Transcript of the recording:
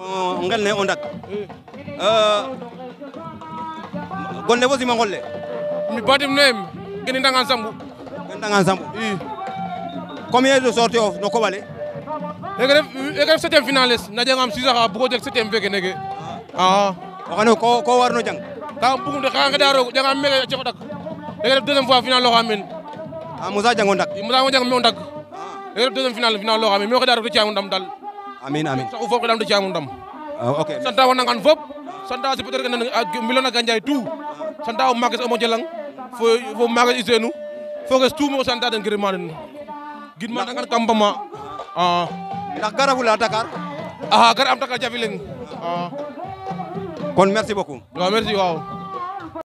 ngal ne o ndak golle fo sima ngolle mi badim ne geni ndangan sambu geni ndangan sambu i combien de ya, sortie of no koɓale eke def eke def septième finaliste na jangam six axa ah, bugo jeg septième feke neke axa oxano ko warno jang ta bugum de xa ngeda roog jangam meke a cexo dak eke def deuxième fois final lo men a Moussa jango ndak Moussa jango ndak me o ndak eke final final lo men me o xeda roog de ndam dal amin amin sax u ah, fop xeɗam de caamu ndam ok santa wa nangan fop santa si peut-être que milona santa o mages o moƴo lang fo fo mages i seenu foges santa den gërëma den gidma dangan kam bama a ah. ndax gara fula Dakar a ah, gara am Dakar jafi kon merci beaucoup waaw merci waaw